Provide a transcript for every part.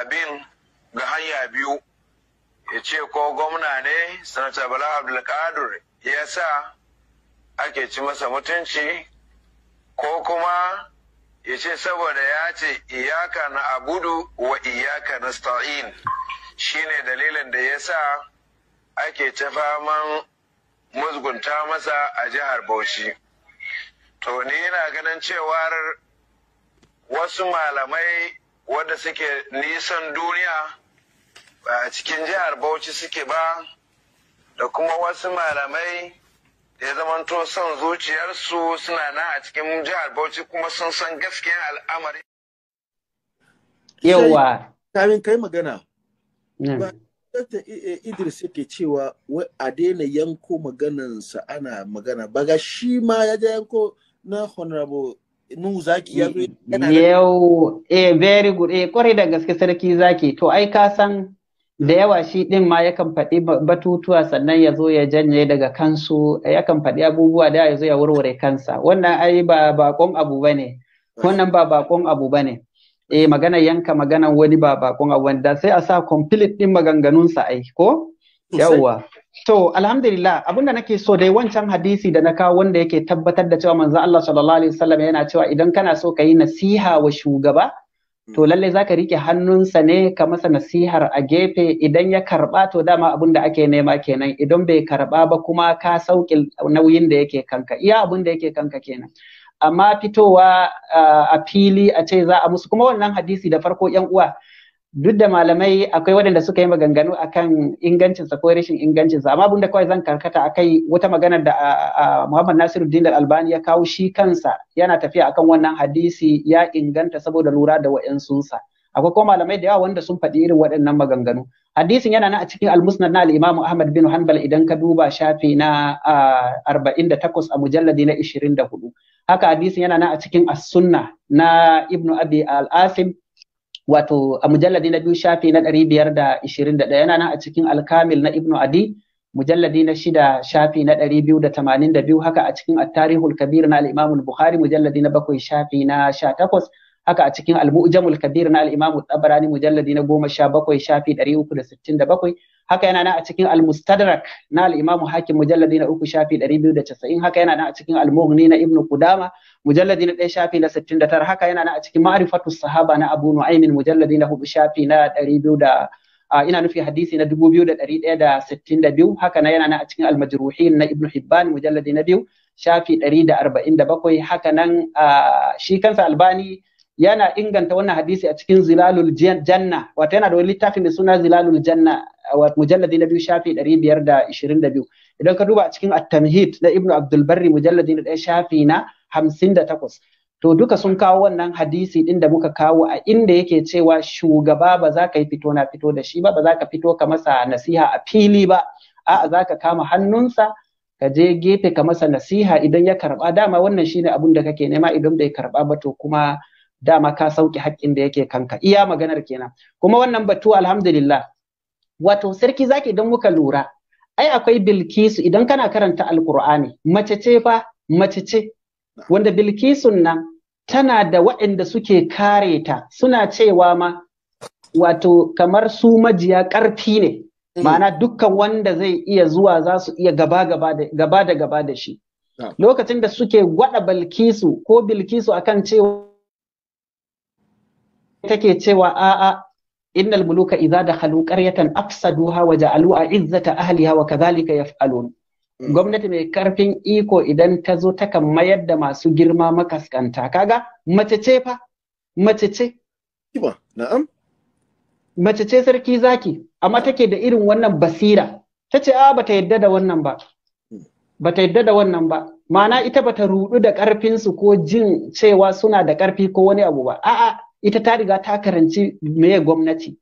abin ga hanya biyu ya ce ko gwamna ne sanata bala abdulkadir ya sa ake ci masa mutunci ko kuma ya ce saboda ya ce iyaka na abudu wa iyaka na sta'in shine dalilin da ya sa ake ta faman musgunta masa a jihar bauchi to ni yana ganin cewar wasu malamai wanda suke nisan duniya ba a cikin jihar bauchi suke ba da kuma wasu malamai da ya zamanto son zuciyarsu suna na a cikin jihar bauchi kuma sun san gaskiya al'amari yawa kamin kai magana hmm. eh, idris yake cewa wai a daina yanko maganansa ana magana ba ga shi ma ya yanko na honorable Nuhu zaki ya zo yau eh very good eh kwarai da gaske sarki zaki to ai ka san da yawa shi din ma yakan faɗi batutuwa sannan ya zo ya janye daga kansu yakan faɗi abubuwa da ya zo ya warware kansa wannan ai ba bakon abu bane wannan ba bakon abu bane eh magana yanka magana wani ba bakon abu wanda sai a sa complete din maganganunsa ai ko yawwa To, alhamdulillah, abinda nake so dai wancan hadisi da na kawo wanda yake tabbatar da cewa manzo Allah sallallahu alaihi wasallam yana cewa idan kana so ka yi nasiha wa shugaba, hmm. to lalle zaka rike hannunsa ne ka masa nasihar a gefe idan ya karba to dama abin ake nema kenan idan bai karba ba kuma ka sauki nauyin da yake kanka iya abin da yake kanka kenan amma fitowa ah, a fili a ce za a musu kuma wannan hadisi da farko yan uwa duk da malamai akwai waɗanda suka yi maganganu akan ingancinsa ko rashin ingancinsa amma abinda kawai zan karkata akai wata magana da Muhammad Nasiru Dinar Albani ya kawo shi kansa yana tafiya akan wannan hadisi ya inganta saboda lura da wa'insunsa akwai kuma malamai da yawa wanda sun faɗi irin waɗannan maganganu hadisin yana nan a cikin almusnad na al-Imam Ahmad bin Hanbal idan ka duba shafi na 48 a mujalladi na 24 haka hadisin yana nan a cikin as-sunna na Ibn Abi al-Asim wato a mujalladi na biyu shafi na ɗari biyar da ishirin da ɗaya yana nan a cikin alkamil na ibnu adi mujalladi na shida shafi na ɗari biyu da tamanin da biyu haka a cikin attarihul kabir na al'imamu Buhari mujalladi na bakwai shafi na sha takwas haka a cikin al-mu'jamul kabir na al-imamu tabarani mujalladi na goma sha bakwai shafi ɗari uku da sittin da bakwai haka yana nan a cikin al-mustadrak na al-imamu hakim mujalladi na uku shafi ɗari biyu da casa'in; haka yana nan a cikin al-mughni na ibnu qudama mujalladi na ɗaya shafi na sittin da tara; haka yana nan a cikin ma'rifatu sahaba na abu nu'aymin mujalladi na 4 shafi na ɗari biyu da ina nufi hadisi na dubu biyu da da da ɗari ɗaya sittin biyu; haka nan yana nan a cikin al-majruhin na ibnu hibban mujalladi na biyu shafi ɗari da arba'in 147 haka nan shi kansa albani yana inganta wannan hadisi a cikin zilalul janna wato yana da wani littafi mai suna zilalul janna mujalladi na biyu shafi 522 idan ka duba a cikin at-tamhid na ibnu abdul barri mujalladi na shafi na 58 to duka sun kawo wannan hadisi din da muka kawo a inda yake cewa shugaba ba za ka yi fito na fito da shi ba ba za ka fito ka masa nasiha a fili ba a'a za ka kama hannunsa ka je gefe ka masa nasiha idan ya karba dama wannan shine abun da kake nema idan bai karba ba to kuma dama ka sauki haƙƙin da yake kanka iya maganar kenan kuma wannan batu alhamdulillah wato sarki zaki idan muka lura ai akwai bilkisu idan kana karanta alkur'ani mace ce fa mace ce wanda bilkisun nan tana da waɗanda suke kare ta suna cewa ma wato kamar su majiya ƙarfi ne mm-hmm. ma'ana dukkan wanda zai iya zuwa za su iya gaba gaba da gaba da shi ah. lokacin da suke gwada bilkisu ko bilkisu akan cewa take cewa a'a innal muluka إذا دخلوا قرية أفسدوها وجعلوا عزة أهلها وكذلك يفعلون gwamnati mai karfin iko idan ta zo takan mayar da masu girma makaskanta kaga mace fa mace ce na'am mace sarki zaki amma take da irin wannan basira ta ce a ah, bata yadda da wannan ba hmm. bata yadda da wannan ba ma'ana ita bata rudu da karfin su ko jin cewa suna da karfi ko wani abu ba a'a ita ta riga ta karanci meye gwamnati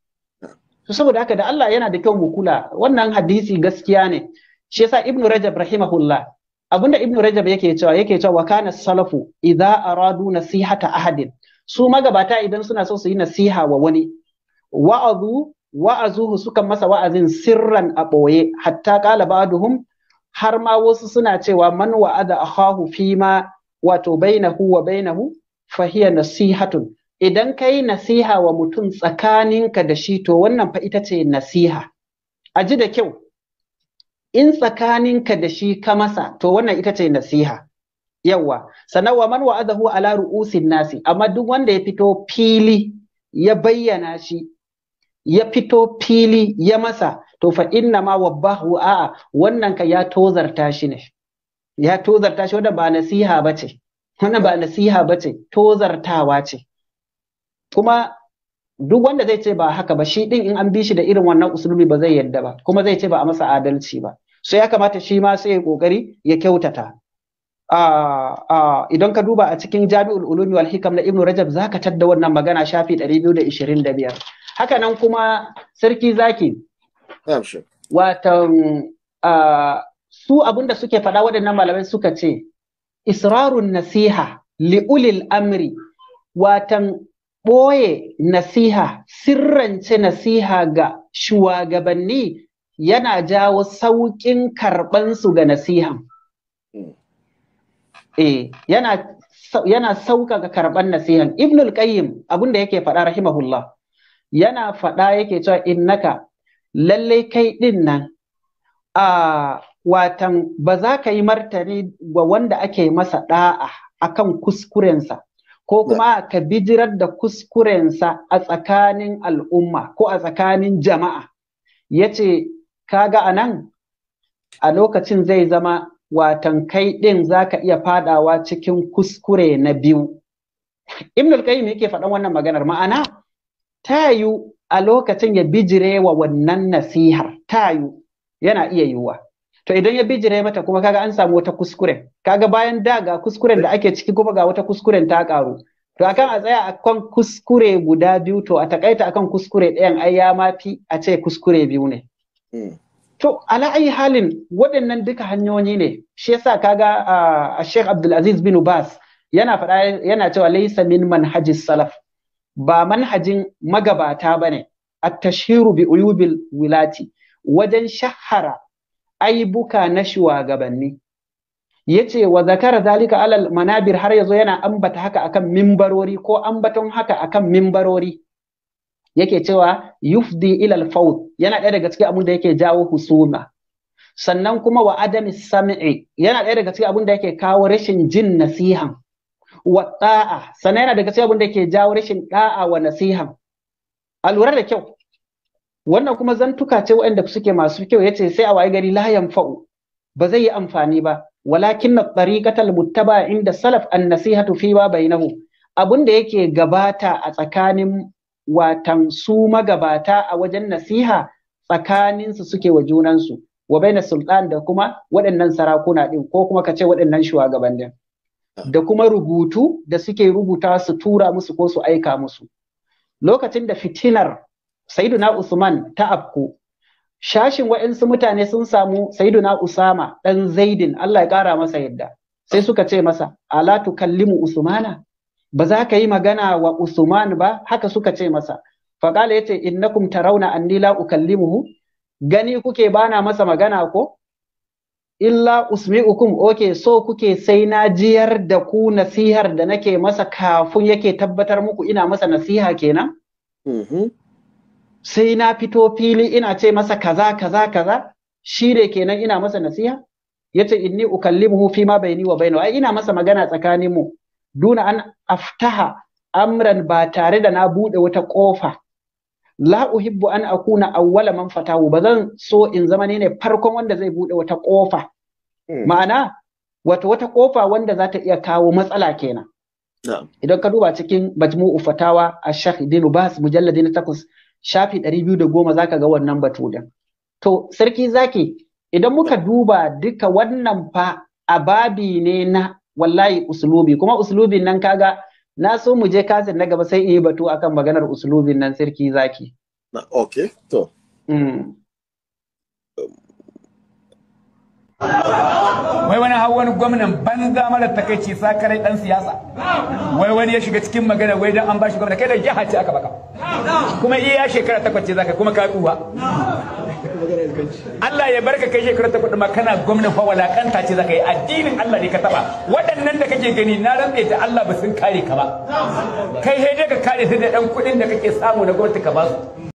to saboda haka da Allah yana da kyau mu kula wannan hadisi gaskiya ne shi yasa ibnu rajab rahimahullah abinda Ibn rajab yake cewa yake cewa wa kana salafu idza aradu nasihata ahadin su magabata idan suna so su yi nasiha wa wani wa'azu wa'azuhu sukan masa wa'azin sirran a ɓoye hatta qala ba'duhum har ma wasu suna cewa man wa'ada akhahu fima wato bainahu wa bainahu fa hiya nasihatun idan ka yi nasiha wa mutum tsakaninka da shi to wannan fa ita ce nasiha a ji da kyau in tsakaninka da shi ka masa to wannan ita ce nasiha yawa sannan wa man wa'adahu ala ru'usin nasi amma duk wanda ya fito fili ya bayyana shi ya fito fili ya masa to fa inna ma wabbahu a'a wannan ka ya tozarta shi ne ya tozarta shi Wannan ba nasiha bace wannan ba nasiha bace tozartawa ce kuma duk wanda zai ce ba haka ba shi din in an bi shi da irin wannan usulubi ba zai yadda ba kuma zai ce ba a masa adalci ba so ya kamata shi ma sai ya kokari ya kyautata idan ka duba a cikin jami'ul ulumi wal hikam na ibnu rajab zaka tadda wannan magana shafi 225 haka nan kuma sarki zaki watan su abinda suke faɗa waɗannan malamai suka ce israrun nasiha li'ulil amri watan ɓoye nasiha, sirrance nasiha ga shugabanni yana jawo sauƙin karɓansu ga nasiha. Hmm. Eh, yana yana sauƙaƙa karɓan nasihan. Ibnul Qayyim abin da yake faɗa rahimahullah yana faɗa yake cewa innaka lallai kai ɗin nan a watan ba za ka yi martani wa wanda ake masa ɗa'a akan kuskurensa ko kuma ka bijirar da kuskurensa a tsakanin al'umma ko a tsakanin jama'a ya ce kaga a nan a lokacin zai zama watan kai ɗin za ka iya fadawa cikin kuskure na biyu ibn al-qayyim yake faɗan wannan maganar ma'ana ta yiwu a lokacin ya bijire wa wannan nasihar ta yiwu yana iya yiwuwa to idan ya bijire mata kuma kaga an samu wata kuskure kaga bayan da ga kuskuren da ake ciki kuma ga wata kuskuren ta karu to akan a tsaya akan kuskure guda biyu to a takaita akan kuskure ɗayan ai ya mafi a ce kuskure biyu ne hmm. to ala ayi halin waɗannan duka hanyoyi ne shi yasa kaga a Sheikh Abdulaziz bin Ubas, yana faɗa yana cewa laysa min manhajis salaf ba manhajin magabata bane at-tashhiru bi uyubil wilati wajen shahara aibuka na shugabanni yace wa zakara zalika alal manabir har yazo yana ambata haka akan mimbarori ko ambaton haka akan mimbarori yake cewa yufdi ilal faut yana ɗaya daga cikin abin da yake jawo husuma sannan kuma wa adami sami'i yana ɗaya daga cikin abin da yake kawo rashin jin nasihan wa ta'a sannan yana daga cikin abin da yake jawo rashin da'a wa nasihan a lura da kyau wannan kuma zantuka ce waɗanda suke masu kyau yace sai a waye gari la yanfa'u ba zai yi amfani ba walakin na tariqatal muttaba inda salaf an nasihatu fi ba bainahu abun da yake gabata a tsakanin watan su magabata a wajen nasiha tsakaninsu suke wa junansu wa baina sultan da kuma waɗannan sarakuna ɗin ko kuma kace ce waɗannan shugabannin da kuma rubutu da suke rubuta su tura musu ko su aika musu lokacin da fitinar saiduna usman ta afku shashin waɗansu mutane sun samu saiduna usama ɗan zaidin Allah ya kara masa yadda sai suka ce masa ala kallimu usmana ba za ka yi magana wa usman ba haka suka ce masa faqala yace innakum tarawna anni la ukallimuhu gani kuke bana masa magana ko illa usmi'ukum oke so kuke sai na jiyar da ku nasihar da nake masa kafin yake tabbatar muku ina masa nasiha kenan mm sai na fito fili ina ce masa kaza kaza kaza shi ne kenan ina masa nasiha yace inni ukallimuhu fi ma baini wa bainahu ai ina masa magana tsakanin mu duna an aftaha amran ba tare da na bude wata kofa la uhibbu an akuna awwala man fatahu bazan so in zama ne ne farkon wanda zai bude wata kofa hmm. ma'ana wato wata kofa wanda za ta iya kawo matsala kenan idan ka duba cikin majmu'u fatawa a shah bas mujalladin takus shafi ɗari biyu da goma zaka ga wannan batu din to sarki zaki idan muka duba duka wannan fa a babi ne na wallahi uslubi kuma uslubin nan kaga na so mu je kasin na gaba sai in yi batu akan maganar uslubin nan sarki zaki na okay to mm. wai wani hau wani gwamnan banza mara takaici sakarai dan siyasa wai wani ya shiga cikin magana wai dan an bashi gwamna kai da jiha ce aka baka kuma iya shekara takwas ce zaka kuma ka Allah ya barka kai shekara takwas ma kana gwamna fa walakanta ce zaka yi addinin Allah ne ka taba waɗannan da kake gani na rantse da Allah ba sun kare ka ba kai sai ka kare su da ɗan kuɗin da kake samu na gwamnati ka ba